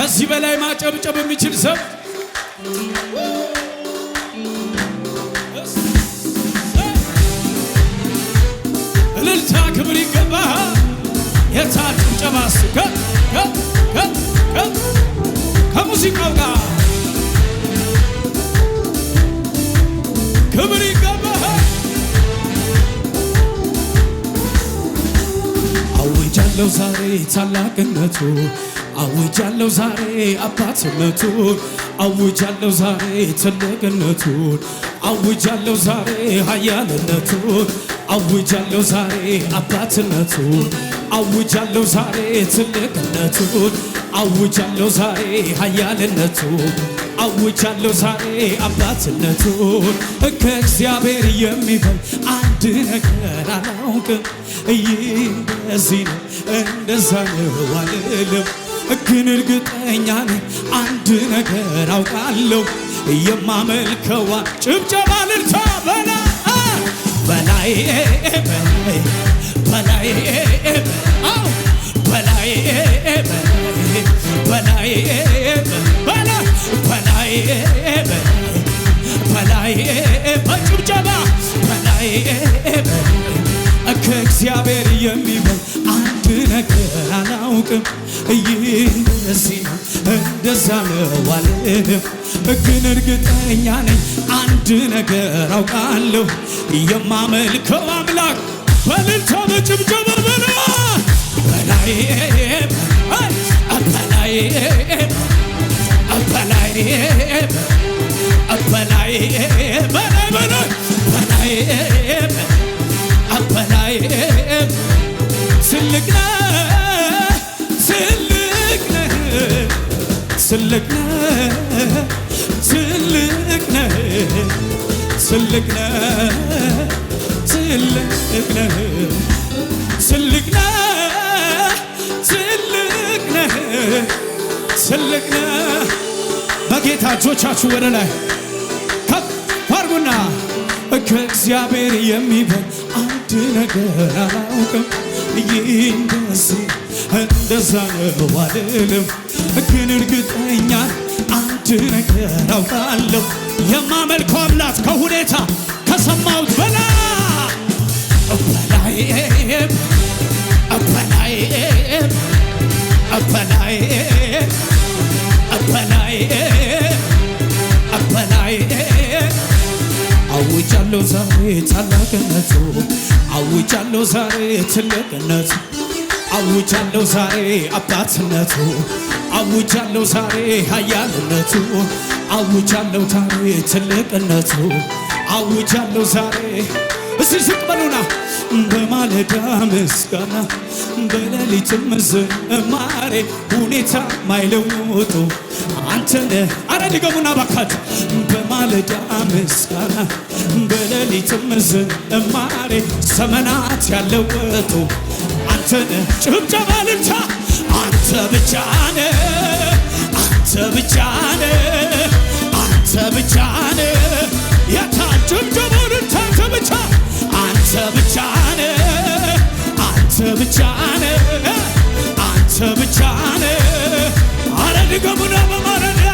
ከዚህ በላይ ማጨብጨብ የሚችል ሰው እልልታ ክብር ይገባሃል። የታ ጭብጨባስ ከሙዚቃው ጋር ክብር አውጃለሁ ዛሬ ታላቅነቱ አውጃለሁ ዛሬ አባትነቱን አውጃለሁ ዛሬ ትልቅነቱን አውጃለሁ ዛሬ ኃያልነቱን አውጃለሁ ዛሬ አባትነቱን አውጃለሁ ዛሬ ትልቅነቱን አውጃለሁ ዛሬ ኃያልነቱን አውጃለሁ ዛሬ አባትነቱን ከእግዚአብሔር የሚበል አንድ ነገር አላውቅም። ይህ በዚህ ነው እንደዛ ነው አልልም፣ ግን እርግጠኛ ነኝ አንድ ነገር አውቃለሁ የማመልከዋ ጭብጨባ ልልታ በላ በላይ በላይ በላይ በላይ በላይ በላይ በጭብጨባ በላይ ከእግዚአብሔር እሳነዋለሁ ግን እርግጠኛ ነኝ አንድ ነገር አውቃለሁ የማመልከው አምላክ በልልታ በጭብጨበር በላ በላይ በላይ በላይ በላይ በላይ ትልቅ ነህ ትልቅ ነህ ትልቅ ነህ ትልቅ ነህ ትልቅ ነህ ትልቅ ነህ ትልቅ ነህ። በጌታ እጆቻችሁ ወደ ላይ ከፍ አድርጉና ከእግዚአብሔር የሚበል አንድ ነገር አላውቅም። ይህ እንደዚህ እንደዛ ነው አልልም ግን እርግጠኛ አንድ ነገር አውቃለሁ የማመልከው አምላክ ከሁኔታ ከሰማሁት በላ በላይ በላይ በላይ በላይ በላይ አውጃለሁ ዛሬ ታላቅነቱ አውጃለሁ ዛሬ ትልቅነቱ አውጃለሁ ዛሬ አባትነቱ አውጃለሁ ዛሬ ኃያልነቱ አውጃለሁ ዛሬ ትልቅነቱ አውጃለሁ ዛሬ እስቲ ዝቅ በሉና በማለዳ ምስጋና በሌሊትም ዝማሬ ሁኔታ ማይለውጡ አንተነ አረ ድገሙና ባካት በማለዳ ምስጋና በሌሊትም ዝማሬ ዘመናት ያለወጡ አንተን ጭብጨባ ልልታ አንተ ብቻ ነ አንተ ብቻ ነ አንተ ብቻ ነ የታ ጭብጨባ ልልታ አንተ ብቻ አንተ ብቻ ነ አንተ ብቻ ነ አንተ ብቻ ነ አረ ድገሙና በማለዳ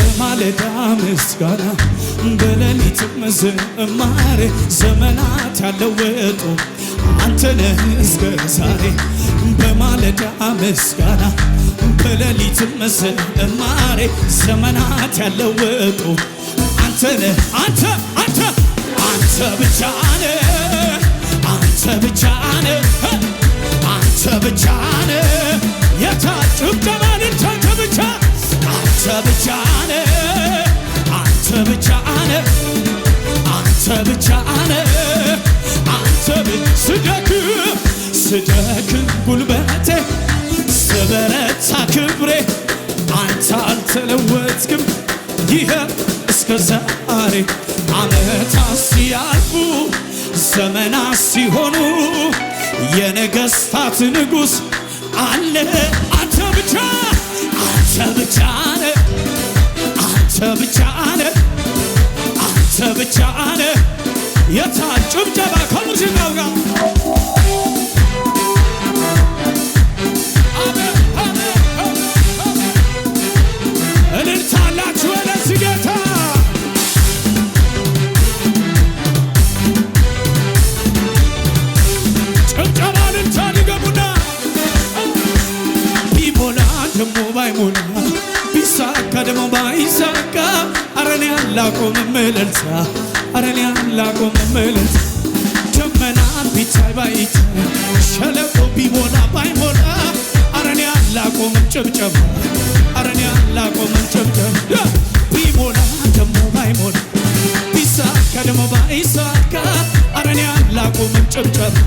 በማለዳ ምስጋና በሌሊት ዝማሬ ዘመናት ያለወጡ አንተነ እስከ ዛሬ በማለዳ ምስጋና በሌሊት ዝማሬ ዘመናት ያለወጡ አንተነህ አንተ አንተ አንተ ብቻ አንተ ብቻ አንተ ብቻ አንተ ብቻ ስደክም ጉልበቴ ስበረታ ክብሬ አንተ አልተለወጥክም። ይህ እስከ ዛሬ አመታ ሲያልፉ ዘመናት ሲሆኑ የነገስታት ንጉሥ አለ ባይሞላ ቢሳካ ደግሞ ባይሳካ አረኔ አላቆምም እልልታ አረኔ አላቆምም እልልታ ደመና ቢታይ ባይታይ ሸለቆ ቢሞላ ባይሞላ አረኔ አላቆምም ጭብጨባ አረኔ አላቆምም ጭብጨባ ቢሞላ ደግሞ ባይሞላ ቢሳካ ደግሞ ባይሳካ አረኔ አላቆምም ጭብጨባ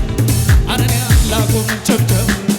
አረኔ አላቆምም ጭብጨባ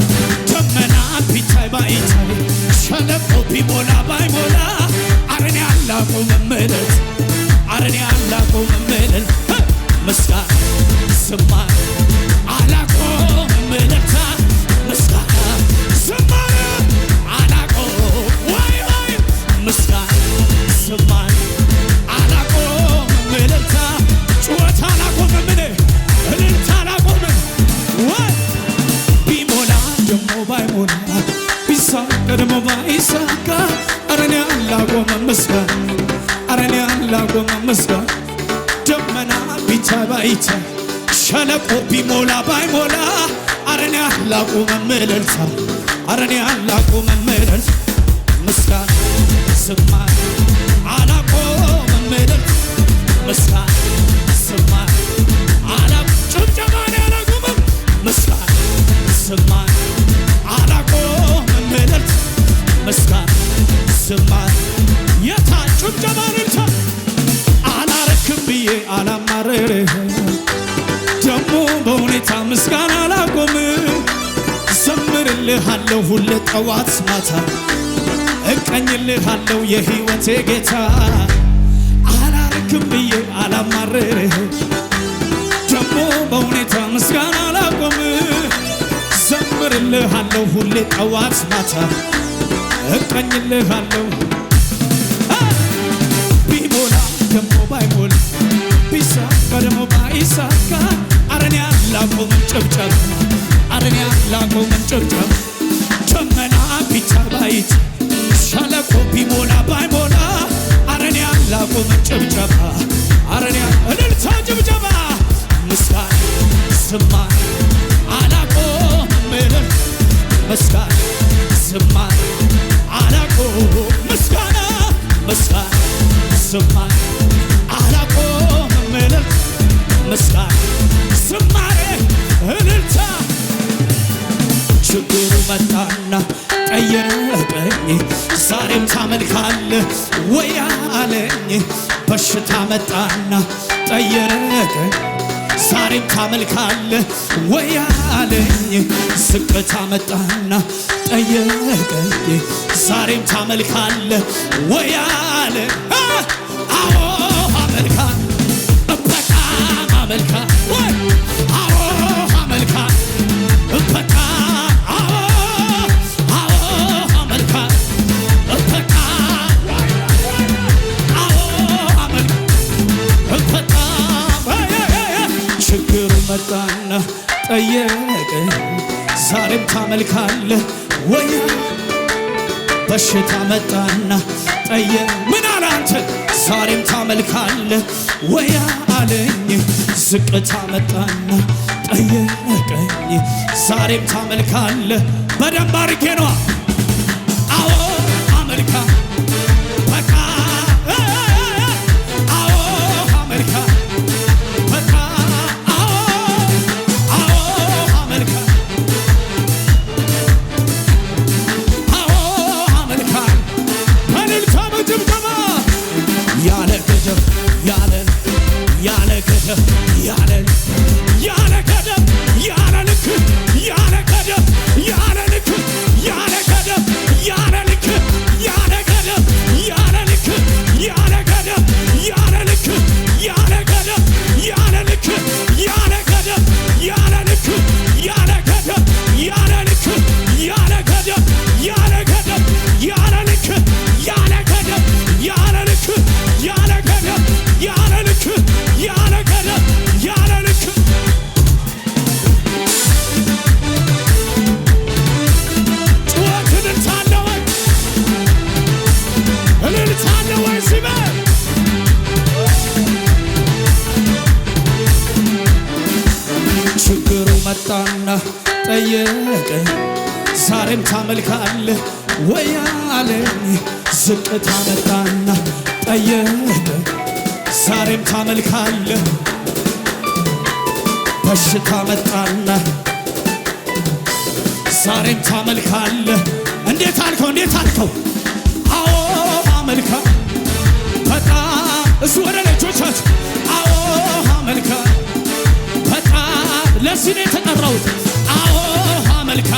አላቆመም ምስጋና፣ ኧረ እኔ ደመና ቢታ ባይታ ሸለቆ ቢሞላ ባይሞላ፣ ኧረ እኔ አላቆመም እልልታ፣ ኧረ እኔ አላቆመም እልልታ። ምስጋና ዝማሬ አላቆመም ሁሌ ጠዋት ማታ እቀኝልሃለው የሕይወቴ ጌታ አላርክም ብዬ አላማርርህ ደግሞ በሁኔታ ምስጋና አላቆም ዘምርልሃለው ሁሌ ጠዋት ማታ እቀኝልሃለው ቢሞላ ደግሞ ባይሞላ ቢሳካ ደግሞ ባይሳካ አረንያ ላቆምን ጭብጨብ አረንያ ላቆምን ጭብጨብ ደመና ቢቻ ባይች ሸለቆ ቢሞላ ባይሞላ አረን ያላቁ ጭብጨባ በሽታ መጣና ጠየቀ ዛሬም ታመልካለ ወይ አለኝ። ዝቅታ መጣና ጠየቀ ዛሬም ታመልካለ ወይ አለ አዎ አመልካ በጣም አመልካ መጠየቅ ዛሬም ታመልካለ ወይ? በሽታ መጣና ጠየ ምን አለ አንተ ዛሬም ታመልካለህ ወይ አለኝ። ዝቅታ መጣና ጠየቀኝ ዛሬም ታመልካለህ በደንብ አርጌ ነዋ መልካለ ወያለኝ ዝቅታ መጣና ጠየቀ ዛሬም ታመልካለ በሽታ መጣና ዛሬም ታመልካለ እንዴት አልከው እንዴት አልከው አዎ አመልካ በጣም እሱ ወደ ልጆቻችሁ አዎ አመልካ በጣም ለዚህ ነው የተጠራሁት አዎ አመልካ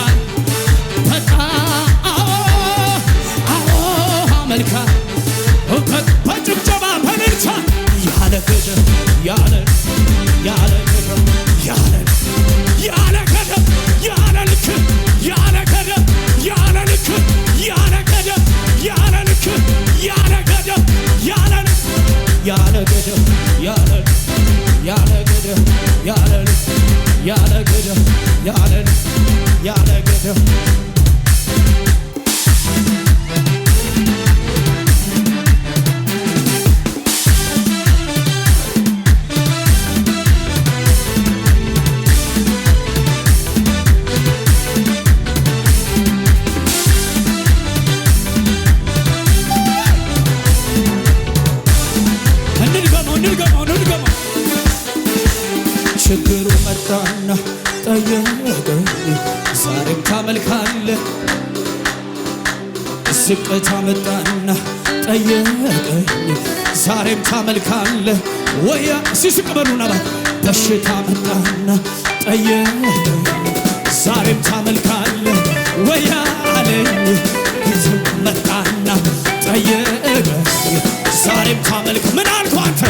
ዝቅታ መጣና ጠየቀኝ ዛሬም ታመልካለ ወያ ሲስቅ በሉና በሽታ መጣና ጠየቀኝ ዛሬም ታመልካለ ወያ አለኝ መጣና ጠየቀኝ ዛሬም ታመልክ ምን አልኩ አንተ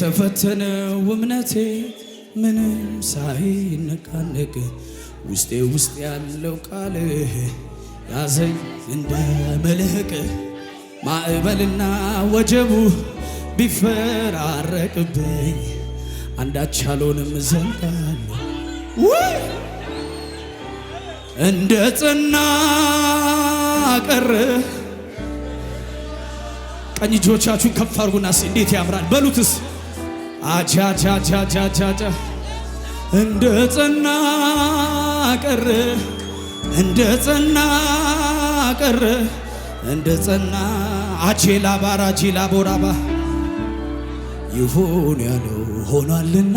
የተፈተነው እምነቴ ምንም ሳይነቃነቅ ውስጤ ውስጥ ያለው ቃልህ ያዘኝ እንደ መልህቅ ማዕበልና ወጀቡ ቢፈራረቅብኝ አንዳች አልሆንም እዘልቃለሁ እንደ ጸና ቀረ። ቀኝ እጆቻችሁን ከፍ አድርጉና እንዴት ያምራል በሉትስ አቻቻቻቻቻቻ እንደ ጸና ቀረ እንደ ጸና ቀረ እንደ ጸና አቼላ ባራ አቼላ ቦራባ ይሁን ያለው ሆኗልና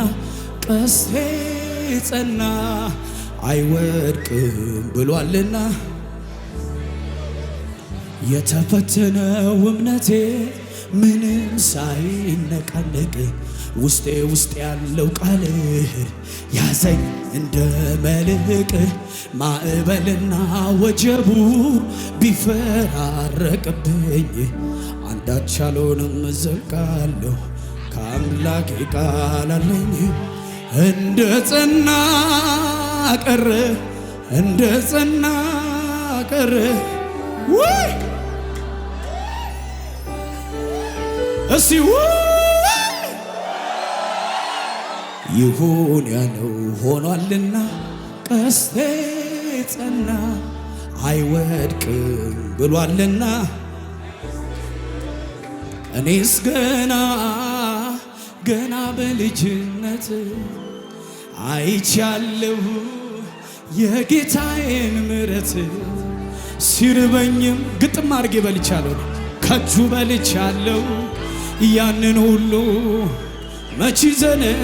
ቀስቴ ጸና አይወድቅም ብሏልና የተፈተነው እምነቴ ምንም ሳይነቃነቅ ውስጤ ውስጥ ያለው ቃልህ ያዘኝ እንደ መልሕቅ ማዕበልና ወጀቡ ቢፈራረቅብኝ አንዳች አልሆንም እዘልቃለሁ ከአምላኬ ቃል አለኝ እንደ ጸና ቀረ እንደ ጸና ቀረ እስቲ ይሁን ያለው ሆኗልና ቀስቴ ጸና አይወድቅም ብሏልና እኔስ ገና ገና በልጅነት አይቻለሁ የጌታዬን ምረት ሲርበኝም ግጥም አድርጌ በልቻለሁ ከእጁ በልቻለሁ ያንን ሁሉ መች ይዘን